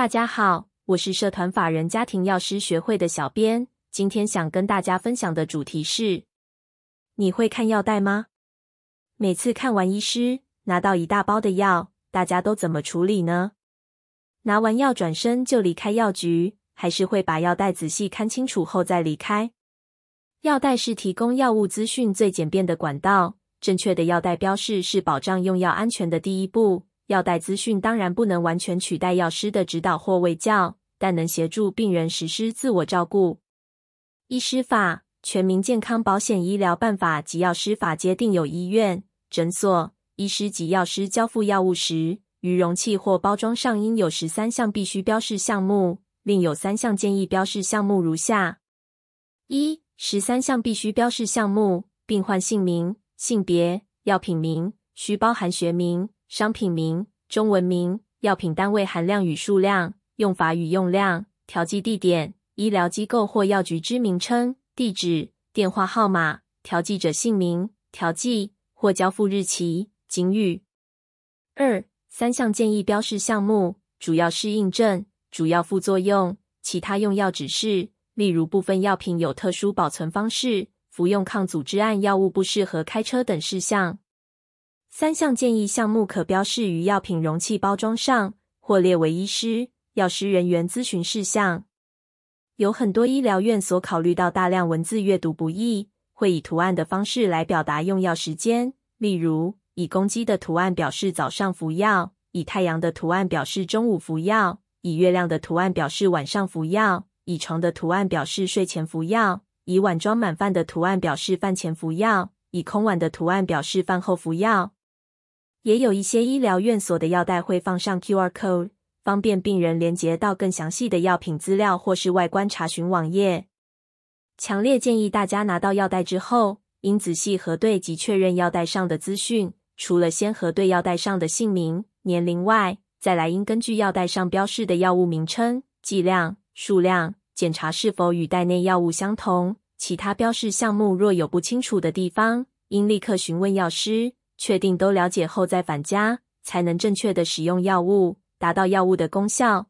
大家好，我是社團法人家庭藥師學會的小編。今天想跟大家分享的主題是：你會看藥袋嗎？每次看完醫師，拿到一大包的藥，大家都怎麼處理呢？拿完藥轉身就離開藥局，還是會把藥袋仔細看清楚後再離開？藥袋是提供藥物資訊最簡便的管道，正確的藥袋標示是保障用藥安全的第一步。藥袋資訊當然不能完全取代藥師的指導或衛教，但能協助病人實施自我照顧。醫師法、全民健康保險醫療辦法及藥師法皆訂有，醫院、診所、醫師及藥師交付藥物時，於容器或包裝上應有十三項必須標示項目，另有三項建議標示項目如下：一、十三項必須標示項目：病患姓名、性別、藥品名，需包含學名、商品名。中文名、藥品單位含量與數量、用法與用量、調劑地點、醫療機構或藥局之名稱、地址、電話號碼、調劑者姓名、調劑或交付日期、警語。二、三項建議標示項目，主要適應症、主要副作用、其他用藥指示，例如部分藥品有特殊保存方式，服用抗組織胺藥物不適合開車等事項。三項建議項目可標示於藥品容器包裝上，或列為醫師、藥師人員諮詢事項。有很多醫療院所考慮到大量文字閱讀不易，會以圖案的方式來表達用藥時間，例如以公雞的圖案表示早上服藥，以太陽的圖案表示中午服藥，以月亮的圖案表示晚上服藥，以床的圖案表示睡前服藥，以碗裝滿飯的圖案表示飯前服藥，以空碗的圖案表示飯後服藥。也有一些醫療院所的藥袋會放上 QR Code，方便病人連接到更詳細的藥品資料或是外觀查詢網頁。強烈建議大家拿到藥袋之後，應仔細核對及確認藥袋上的資訊。除了先核對藥袋上的姓名、年齡外，再來應根據藥袋上標示的藥物名稱、劑量、數量，檢查是否與袋內藥物相同。其他標示項目若有不清楚的地方，應立刻詢問藥師。確定都了解後再返家，才能正確的使用藥物，達到藥物的功效。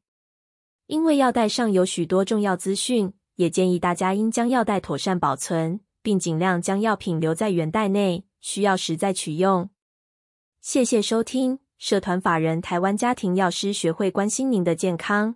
因為藥袋上有許多重要資訊，也建議大家應將藥袋妥善保存，並盡量將藥品留在原袋內，需要時再取用。謝謝收聽，社團法人台灣家庭藥師學會關心您的健康。